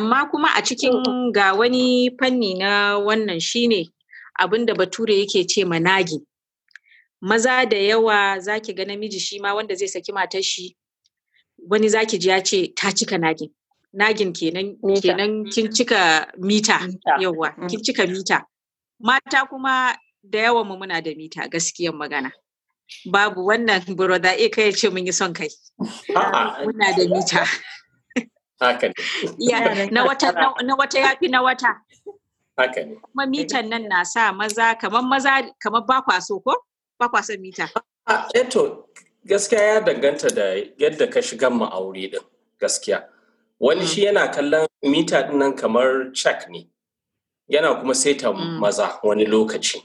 amma kuma a cikin mm. ga wani fanni na wannan shine abin da bature yake ce ma nagi maza da yawa zaki ga namiji shi ma wanda zai saki matar shi wani zaki ji ya ce ta cika nagin nagin kenan kenan kin cika mita yawa mm. kin cika mita mata kuma da yawan mu muna da mita gaskiyan magana babu wannan brother e kai ce mun yi son kai muna da mita Hakan. ne na wata na wata yafi na wata Hakan. kuma mitan nan na sa maza kamar maza kamar ba kwa so ko ba kwa son mita eto eh gaskiya ya danganta da yadda ka shiga mu aure din gaskiya wani shi mm. yana kallon mita din nan kamar check ne yana kuma saita mm. maza wani lokaci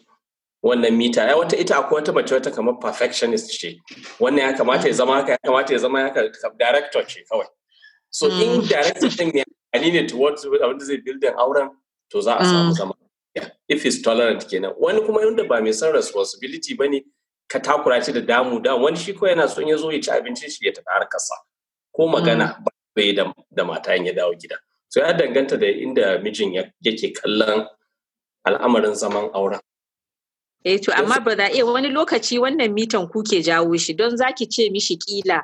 wannan mita ya wata ita akwai wata mace wata kamar perfectionist ce wannan ya kamata ya zama haka ya kamata ya zama haka director ce kawai so in mm. direction thing I ani ne towards abin da zai building auren to za a mm. samu zama if he's tolerant kenan wani kuma yanda ba mai san responsibility ba ne ka takura shi da damu da wani shi kawai yana so ya zo ya ci abincin shi ya tafi kasa ko magana mm. ba bai da mata ya dawo gida so ya danganta da inda mijin yake kallon al'amarin zaman auren eh to amma brother eh wani lokaci wannan mitan kuke jawo shi don zaki ce mishi kila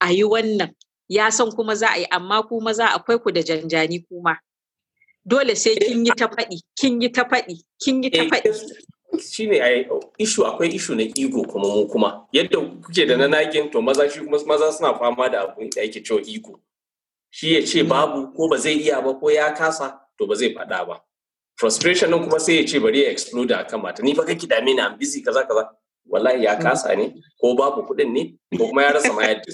a yi wannan ya san kuma za a yi amma ku maza akwai ku da janjani kuma dole sai eh. kin yi ta faɗi kin yi ta faɗi kin yi ta eh, faɗi shi ne ishu akwai ishu na ego kuma mu kuma yadda kuke da na nakin to maza shi kuma maza suna fama da abin da yake cewa ego shi ya ce mm. babu ko ba zai iya ba ko ya kasa to ba zai faɗa ba frustration nan kuma sai ya ce bari ya explode kan mata ni fa kake dame ni am busy kaza kaza wallahi ya mm. kasa ne ko babu kuɗin ne ko kuma ya rasa ma yadda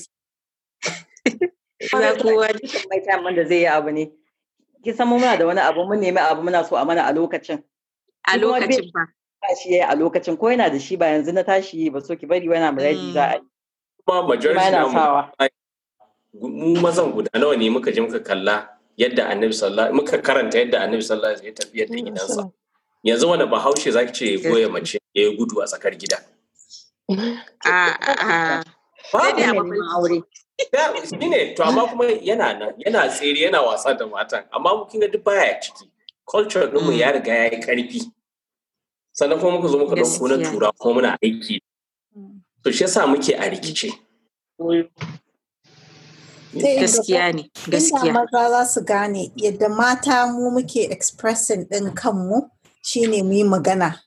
Ina kowa mai time da zai yi abu ne. Ki san muna da wani abu mun nemi abu muna so a mana a lokacin. A lokacin ba. Ba shi yayi a lokacin ko yana da shi ba yanzu na tashi ba so ki bari wani abu za a yi. Kuma hmm. majority na mu mazan guda nawa ne muka je muka kalla yadda annabi sallallahu muka karanta yadda annabi sallallahu alaihi wasallam ya tafi yadda gidansa. Yanzu wani bahaushe zaki ce ya goya mace ya gudu a tsakar gida. A'a. Ah, ah, ah. Ba aure. shi ne to amma kuma yana nan yana tsere yana wasa da matan amma kin ga duk baya ciki culture mu ya riga ya yi ƙarfi sannan kuma muka zo muka ɗauko na tura kuma muna aiki mm. to shi yasa muke a rikice gaskiya ne gaskiya maza za su gane yadda mata mu muke expressing ɗin kanmu shine mu yi magana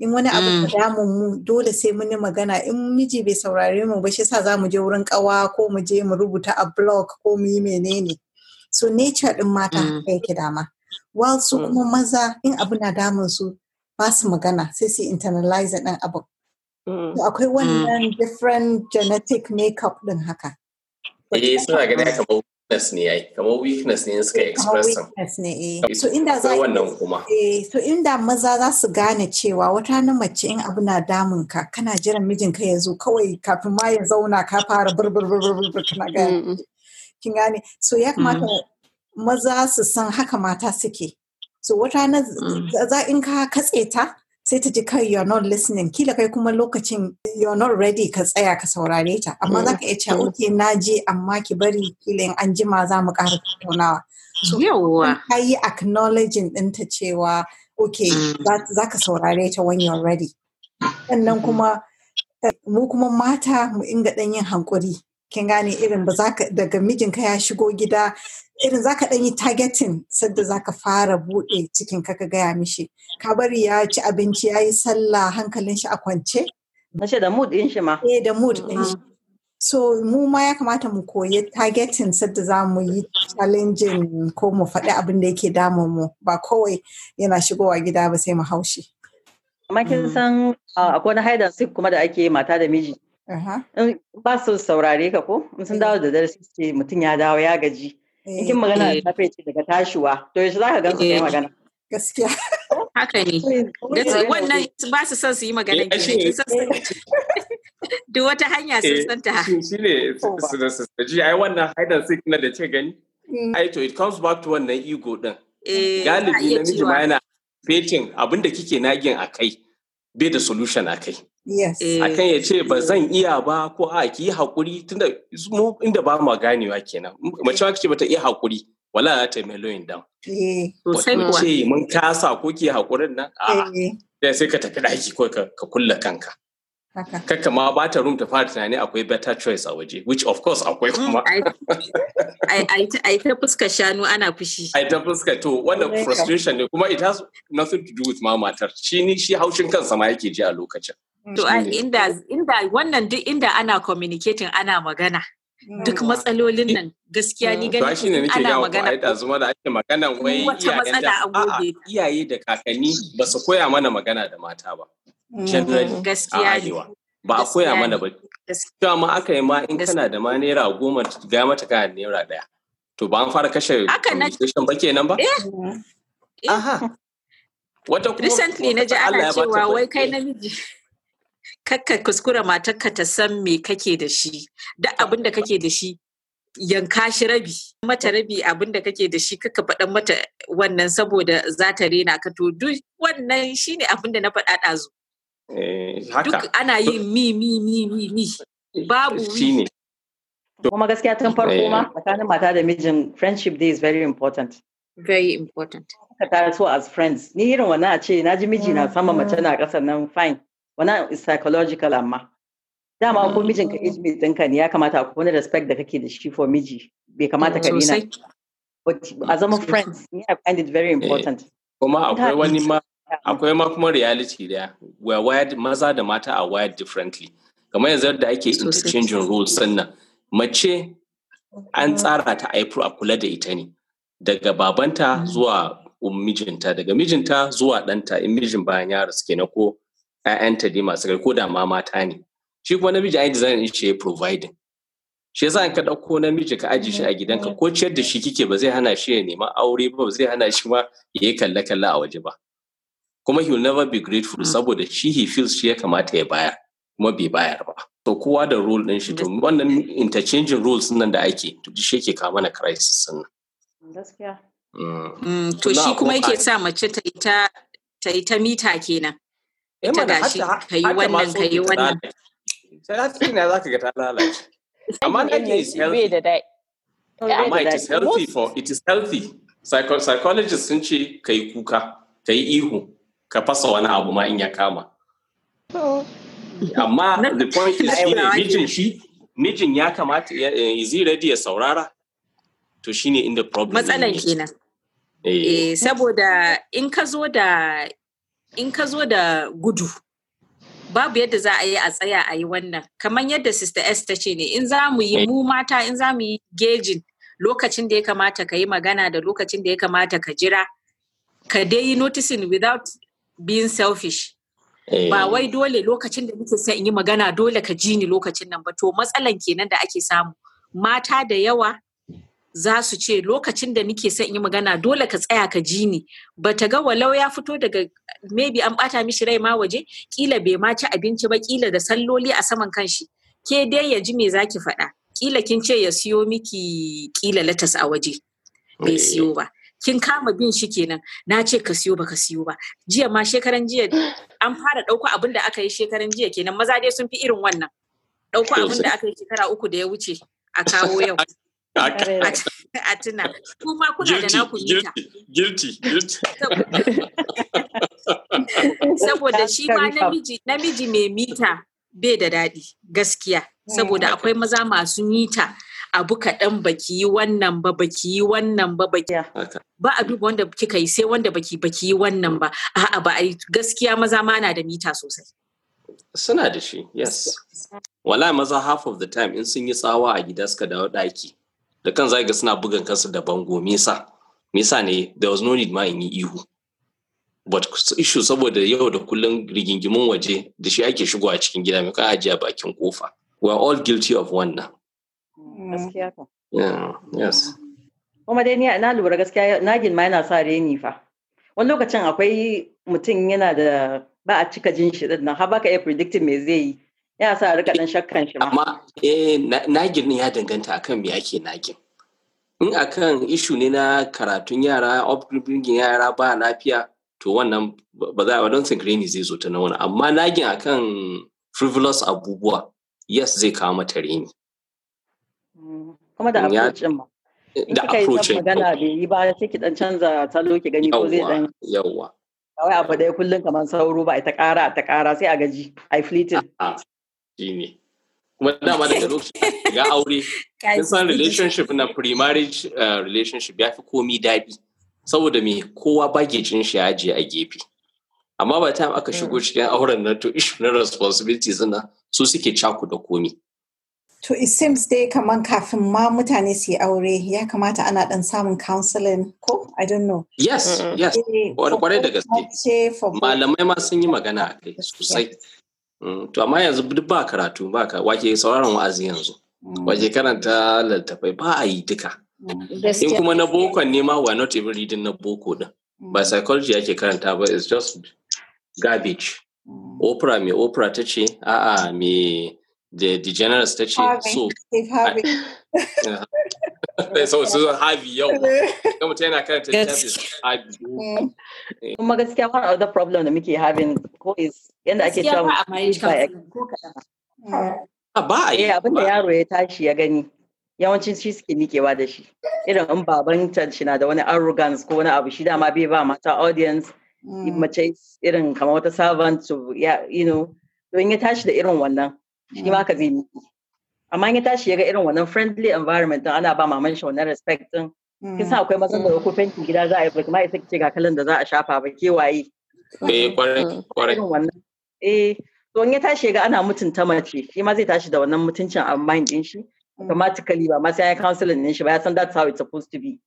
in wani abu ta mm. damun mu dole sai mun yi magana in miji bai saurare mu ba shi sa za mu je wurin kawa ko mu je mu rubuta a blog ko mu yi menene so nature din mata mm. haka yake dama while su mm. kuma maza in abu na damun su ba su magana sai su internalize din abu akwai wannan different genetic makeup din haka eh suna gani kamar weakness ne yayi kamar weakness ne suka express ne eh. so inda za wannan kuma eh so inda maza za su gane cewa wata na mace in abu na damun ka kana jiran mijinka ya zo kawai kafin ma ya zauna ka fara burbur burbur kana ga kin gane so ya kamata maza su san haka mata suke so wata na mm. za in ka katse ta sai ta ji kai are not listening kila kai kuma lokacin you are not ready ka tsaya ka saurare ta amma mm. za ka iya cewa mm. ok na ji amma ki bari kila in an jima za mu ƙara tattaunawa so ka yi acknowledging ɗinta cewa ok mm. za ka saurare ta when are ready sannan kuma eh, mu kuma mata mu inga ɗan yin hankuri kin gane irin ba za daga mijinka ya shigo gida irin za ka ɗan yi targeting sadda za ka fara buɗe cikin ka ka gaya mishi ka bari ya ci abinci ya yi sallah hankalin shi a kwance na da mood ɗin shi ma eh da mood ɗin mm-hmm. shi so mu ma ya kamata mu koyi targeting sadda za mu yi challenging ko mu faɗi abin da yake damun mu ba kawai yana shigowa gida ba sai mu haushi amma kin mm. san ah, akwai na haidan sik kuma da ake mata da miji ba su saurare ka ko in sun dawo da eh. darasi ce mutum ya dawo ya gaji in kin magana da eh. safe ce daga tashiwa to yaushe za ka gan su kai eh. magana gaskiya haka ne wannan ba su son su yi magana ke duk wata hanya sun santa shi ne su da su ji ai wannan haidan sai kina da ce gani mm. ai to it comes back to wannan ego din galibi namiji ma yana fetin abinda kike nagin a kai bai da solution a kai. Eh. A kan ya ce ba zan iya ba ko a ki yi haƙuri tunda mu inda ba ma ganewa kenan. Mace ma ce bata iya haƙuri wala za ta yi meloyin down. Eh. Sosai kuwa. ce mun kasa ko ki haƙurin nan a eh. sai ka tafi ɗaki ko ka kulla kanka. Kaka ma ba ta room ta fara tunani akwai better choice a waje, which of course akwai kuma. Ai ta fuska shanu ana fushi. Ai ta fuska to wanda frustration ne kuma it has nothing to do with ma matar. Shi ni shi haushin kansa ma yake ji a lokacin. To inda inda wannan duk inda ana communicating ana magana. Duk matsalolin nan gaskiya ni gani shi ne nake gawa ko ai da da ake magana wai iyayen da iyaye da kakanni ba su koya mana magana da mata ba. generally a arewa ba a koya mana ba cewa ma aka yi ma in kana da ma naira goma gaya mata kana naira daya to ba an fara kashe communication ba kenan ba eh. Eh. aha wata kuma recently na ji ana cewa wai kai namiji kakka kuskura ka ta san me kake da shi duk abin da kake da shi yanka shi rabi mata rabi abin da kake da shi kaka faɗan mata wannan saboda za ta rena ka to duk wannan shine abin da na faɗa ɗazu Eh, Duk ana yin mi mi mi mi mi babu wi. Kuma gaskiya tun farko ma eh. tsakanin mata da mijin friendship day is very important. Very important. Ka tara so as friends. Ni irin wani a ce na ji miji na sama mace mm. na ƙasar nan fine. Wani is psychological amma. Dama ko mm. mijin ka age ɗinka ne ya kamata ku wani respect da kake da shi for miji. Bai kamata ka nina. But as a friends, I find it very eh. important. Kuma akwai wani ma akwai ma kuma reality da we wired maza da mata are wired differently kamar yanzu da ake interchanging roles sannan mace an tsara ta aifur a kula da ita ne daga babanta mm. zuwa mijinta daga mijinta zuwa ɗanta in mijin bayan ya rasu na ko yayanta dai masu gari ko da ma mata ne shi kuma namiji ai design shi ya providing shi yasa an ka ɗauko namiji ka aji shi a gidanka ko ciyar da shi kike ba zai hana shi ya nema aure ba ba zai hana shi ma ya yi kalle kalle a waje ba kuma he will never be grateful hmm. saboda shi he feels shi ya kamata ya bayar kuma bai bayar ba to kowa da role din shi to wannan interchanging roles nan da ake to shi yake kawo mana crisis din gaskiya mm. Mm, to shi kuma yake sa mace ta yi ta ta yi ta mita kenan eh ta gashi ka yi wannan ka yi wannan sai za ta ina za ka ga ta lalace amma na ke is healthy amma it is healthy for it is healthy psychologists sun ce ka yi kuka ka yi ihu ka fasa wani abu ma in ya kama amma the point is shi mijin shi mijin ya kamata ya eh, he ready ya saurara to shine in the problem matsalan kenan eh. eh saboda in ka zo da in ka zo da gudu babu yadda za a yi a tsaya a yi wannan kamar yadda sister s ta ce ne in za mu yi eh. mu mata in za mu yi gejin lokacin da ya kamata ka yi magana da lokacin da ya kamata ka jira ka dai yi noticing without being selfish ba eh. wai dole lokacin da nike so in yi magana dole ka ji ni lokacin nan ba to matsalan kenan da ake samu mata da yawa za su ce lokacin da nike so in yi magana dole ka tsaya ka ji ni ba ta ga walau ya fito daga maybe an bata mishi rai ma waje kila bai ma ci abinci ba kila da salloli a saman kanshi ke dai ya ji me zaki faɗa kila kin ce ya siyo miki kila latas a waje bai eh. siyo ba kin kama bin shi kenan na ce ka siyo ba ka siyo ba jiya ma shekaran jiya an fara ɗauko abin da aka yi shekaran jiya kenan maza dai sun fi irin wannan ɗauko abin da aka yi shekara uku da ya wuce a kawo yau a tuna kuma kuna da naku mita guilty saboda shi ma namiji namiji mai mita bai da daɗi gaskiya saboda akwai maza masu mita abu kaɗan baki yi wannan ba baki yi wannan ba baki ba a duba wanda kika yi sai wanda baki baki yi wannan ba a'a ba a gaskiya maza ma na da mita sosai suna da shi yes wala maza half of the time in sun yi tsawa a gida suka dawo ɗaki da kan zai ga suna bugan kansu da bango misa misa ne there was no need ma in yi ihu but issue saboda yau da kullum rigingimun waje da shi ake shigowa cikin gida mai kai ajiya bakin kofa we are all guilty of wannan Mm. gaskiya ko yes mm. kuma dai na lura gaskiya nagin ma yana sa reni fa wani lokacin akwai mutum yana da ba a cika jin shi din nan har baka iya predicting me zai yi ya sa rika dan shakkan shi amma eh nagin ne ya danganta akan me ake nagin in akan ishu ne na karatun yara upbringing yara ba lafiya to wannan ba za a don sun reni zai zo ta na wani amma nagin akan frivolous abubuwa yes zai kawo mata reni kuma da approach din ma da approach magana da yi ba sai ki dan canza salo ki gani ko zai dan yawa kawai abu dai kullum kamar sauro ba ta ƙara ta ƙara sai a gaji ai fleeting ne kuma dama daga lokacin ga aure kin san relationship na pre-marriage eh, relationship ya fi komi daɗi saboda me kowa bagejin shi aje a gefe amma ba ta aka shigo mm. cikin auren nan to issue na responsibility suna su suke caku da komi To it seems dai kaman kafin ma mutane su yi aure ya kamata ana dan samun counseling ko I don't know. Yes, yes. Eh, Kwarai da gaske. Malamai ma sun yi magana a kai sosai. Mm, to amma yanzu duk ba karatu ba ka wake sauraron wa'azi yanzu. Mm. Wake karanta littattafai ba a yi duka. Mm. In kuma na boko ne ma why not even reading na boko din. Ba psychology yake karanta ba it's just garbage. Oprah mai Oprah ta ce a'a mai the degenerate statue. So, yeah. so, a Harvey, yo, come ten I can't take tell you. Kuma gaskiya one of the problem that muke having who is is I can cewa a marriage counseling ko kaɗan. Ba a yi. Abin da yaro ya tashi ya gani yawancin um shi suke nikewa da shi. Irin um in baban um shi na da wani arrogance ko wani abu shi dama bai ba mata audience. Mm. Mace irin kamar wata servant to, you know, don ya tashi da irin wannan shi ma ka zai amma ya tashi ya ga irin wannan friendly environment ana ba maman shi wannan respect din mm. kin san akwai da ko gida za a yi ba kuma ce ga kalan da za a shafa ba eh kwarai mm. kwarai wannan eh to in ya tashi ga ana mutunta mace shi ma zai tashi da wannan mutuncin a mind din shi mm. automatically ba ma sai ya counseling din shi ba ya san that's how it's supposed to be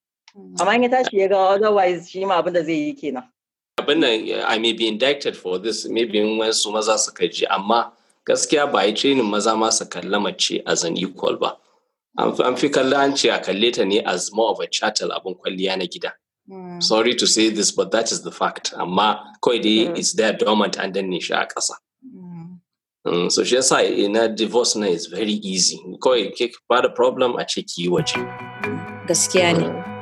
amma in ya tashi ya ga otherwise shi ma abin da zai yi kenan abin nan I may be indicted for this maybe in wasu maza suka ji amma gaskiya ba a yi training maza ma su kalli mace as an equal ba an fi kalli an ce a kalle ta ne as more of a chattel abin kwalliya na gida hmm. sorry to say this but that is the fact amma kawai dai hmm. is there dormant and then shi a ƙasa hmm. so shi yasa na divorce na is very easy kawai ke ba da problem a ce ki yi waje gaskiya ne